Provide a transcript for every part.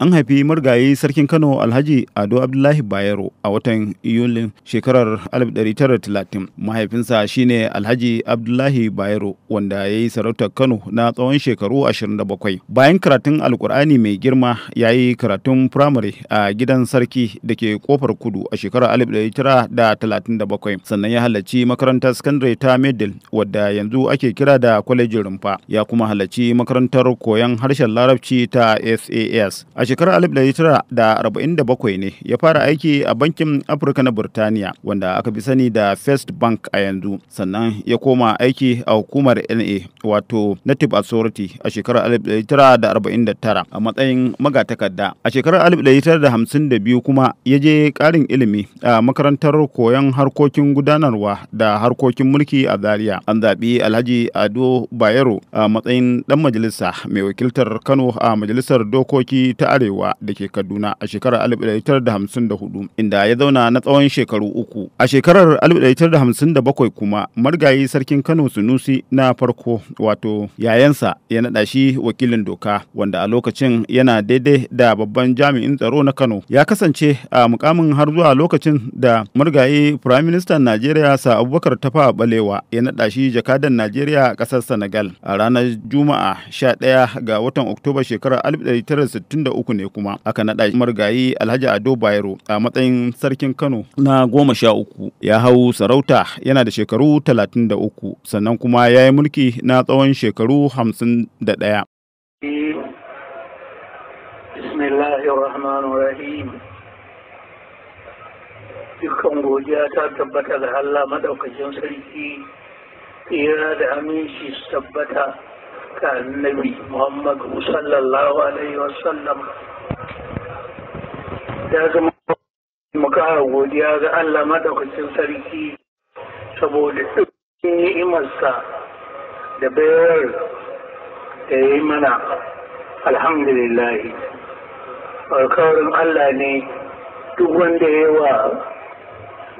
An haifi marigayi sarkin Kano Alhaji Ado Abdullahi Bayero a watan Yulin shekarar 1930. Mahaifinsa shine Alhaji Abdullahi Bayero wanda ya yi sarautar Kano na tsawon shekaru 27. Bayan karatun Alkur'ani mai girma ya yi karatun firamare a gidan sarki da ke kofar kudu a shekarar 1937. Sannan ya halarci makarantar sakandare ta Medel wadda yanzu ake kira da kwalejin rumfa. Ya kuma halarci makarantar koyon harshen Larabci ta SAS. shekarar 1947 ne ya fara aiki a bankin Afirka na Burtaniya wanda aka fi sani da First Bank a yanzu sannan ya koma aiki a hukumar NA wato Native Authority a shekarar 1949 a matsayin magatakarda. A shekarar 1952 kuma ya je ƙarin ilimi a makarantar koyon harkokin gudanarwa da harkokin mulki a Zaria. An zaɓi Alhaji Ado Bayero a matsayin ɗan majalisa mai wakiltar Kano a majalisar dokoki ta Arewa da ke Kaduna a shekarar 1954 inda ya zauna na tsawon shekaru uku. A shekarar 1957 kuma margayi sarkin Kano Sunusi na farko wato yayansa ya naɗa shi wakilin doka wanda a lokacin yana daidai da babban jami'in tsaro na Kano. Ya kasance a mukamin har zuwa lokacin da margayi Prime Minister Najeriya Sa Abubakar Tafa Balewa ya naɗa shi jakadan Najeriya a ƙasar Senegal a ranar Juma'a 11 ga watan Oktoba shekarar 1963 uku ne kuma aka naɗa marigayi alhaji ado bayero a matsayin sarkin kano na goma sha uku ya hau sarauta yana da shekaru talatin da uku sannan kuma ya yi mulki na tsawon shekaru hamsin da ɗaya. dukkan godiya ta tabbata ga Allah madaukakin sarki tsira da aminci su tabbata haka annabi muhammad sallallahu alaihi wasallam ya zama mu kara godiya ga allah madaukakin sarki saboda ɗin ni'imarsa da bayar da ya yi mana alhamdulillah alkawarin allah ne duk wanda ya wa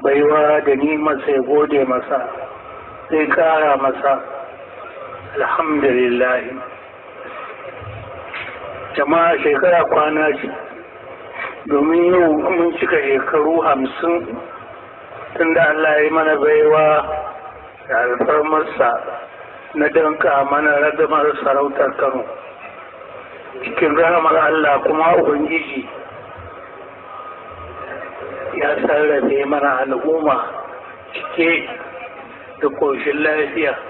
baiwa da nimarsa ya gode masa zai kara masa alhamdulillahi jama'a shekara kwana ce domin yau mun cika shekaru hamsin tunda Allah ya yi mana baiwa da alfarmarsa na danka mana ragamar sarautar Kano cikin rahamar Allah kuma Ubangiji ya sarrafe mana al'umma cike da ƙoshin lafiya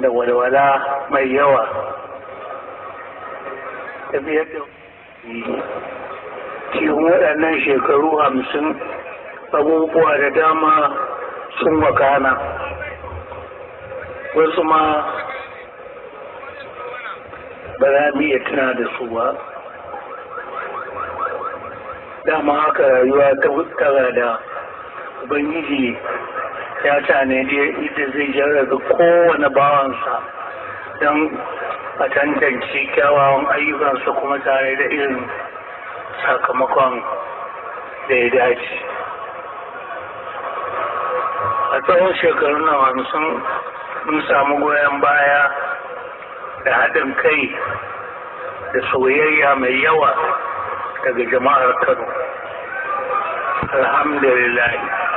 da walwala mai yawa biyar da cikin waɗannan shekaru hamsin abubuwa da dama sun wakana wasu ma ba za mu iya tuna da su ba dama haka rayuwa ta fuskara da ubangiji ya tanadi da zai jarraga kowane bawansa don a tantance kyawawan ayyukansa kuma tare da irin sakamakon da ya dace a tsawon shekarun na hamsin mun samu goyon baya da haɗin kai da soyayya mai yawa daga jama'ar kano alhamdulillah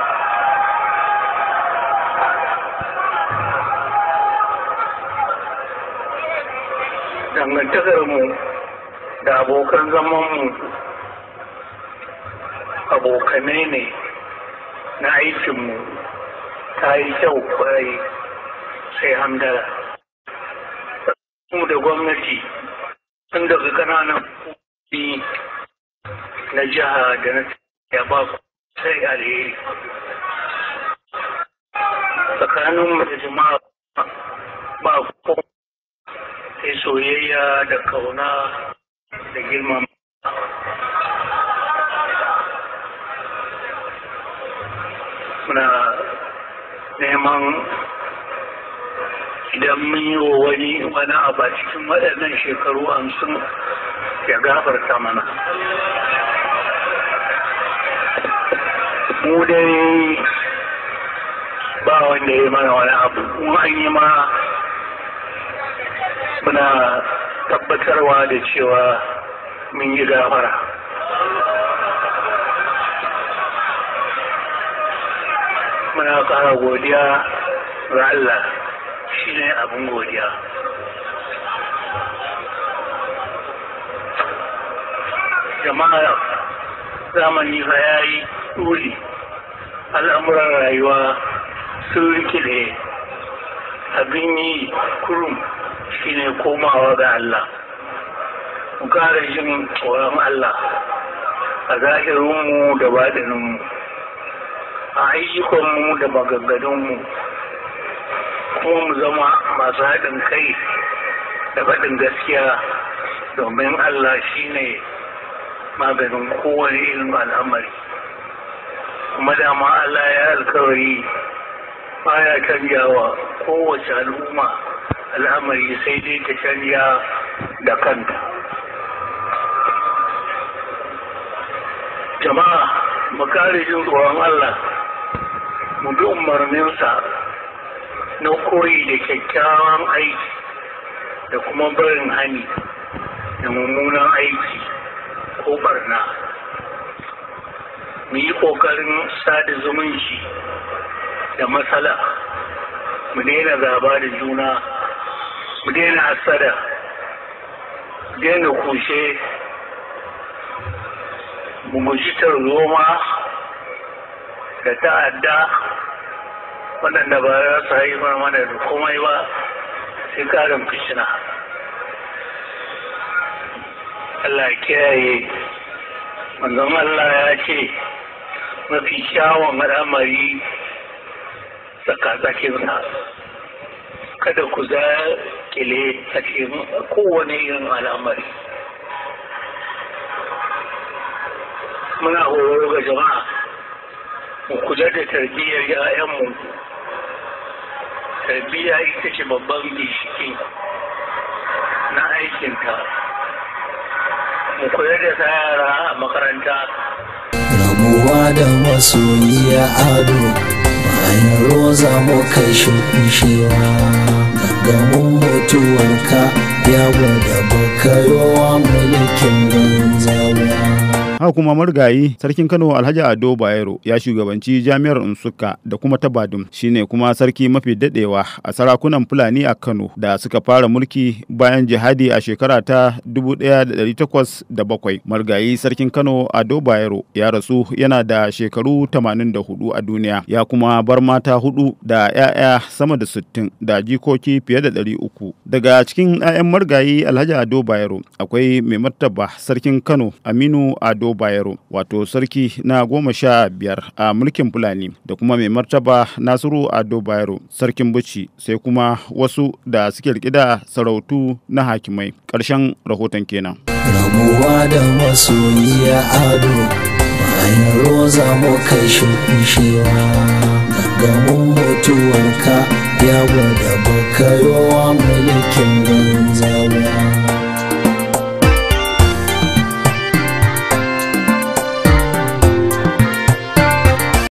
dangantakar da abokan zamanmu mu abokanai ne na aikinmu ta yi kyau kwarai sai hamdala mu da gwamnati sun daga ƙananan hukumomi na jiha da na ya ba sai alheri tsakaninmu da jama'a ba kuma sai soyayya da kauna da girma muna neman idan mun yi wa wani wani abu a cikin waɗannan shekaru hamsin ya gafarta mana mu dai ba wanda ya mana wani abu kuma an yi ma muna tabbatarwa da cewa mun yi gafara muna kara godiya ga Allah shi ne abin godiya jama'a zamani fa ya yi ɗuri al'amuran rayuwa sun rikide abin yi kurum shine komawa ga Allah mu kare jin tsoron Allah a zahirinmu da badaninmu a ayyukanmu da magaggadinmu kuma mu zama masu haɗin kai da faɗin gaskiya domin Allah shine maganin kowane irin al'amari kuma dama Allah ya alkawari baya canjawa kowace al'umma al'amari sai dai ta shari'a da kanta jama'a mu kare jin tsoron Allah mu bi umarninsa na koyi da kyakkyawan aiki da kuma barin hani da mummunan aiki ko barna mu yi ƙoƙarin sada zumunci da matsala mu daina gaba da juna mu daina mu daina kushe mu guji tarzoma da ta'adda waɗanda ba za su haifar mana da komai ba sai karin fitina Allah kiyaye manzon Allah ya ce mafi kyawun al'amari tsakatsakinsa kada ku za kile kowane irin al'amari muna horo ga jama'a mu kula da tarbiyyar ya'yanmu tarbiyya ita ce babban bishikin na aikinta mu kula da ta yara a makaranta rabuwa da masoyiya ado bayan roza mu kai shi shewa gamin mutuwarka ya da baka yawa mulkin haka kuma marigayi sarkin Kano Alhaji Ado Bayero ya shugabanci jami'ar Unsuka da kuma ta Badum shine kuma sarki mafi dadewa a sarakunan Fulani a Kano da suka fara mulki bayan jihadi a shekara ta 1807 marigayi sarkin Kano Ado Bayero ya rasu yana da shekaru 84 a duniya ya kuma bar mata hudu da 'ya'ya sama da 60 da jikoki fiye da 300 daga cikin 'ya'yan marigayi Alhaji Ado Bayero akwai mai martaba sarkin Kano Aminu Ado Bayero wato sarki na goma sha biyar a mulkin Fulani da kuma mai martaba Nasiru Ado Bayero sarkin Bici sai kuma wasu da suke rike da sarautu na hakimai ƙarshen rahoton kenan. Rabuwa da masoyiya ado za mu kai shewa gaggamin mutuwarka ya gwada bakarowa mulkin banzawa.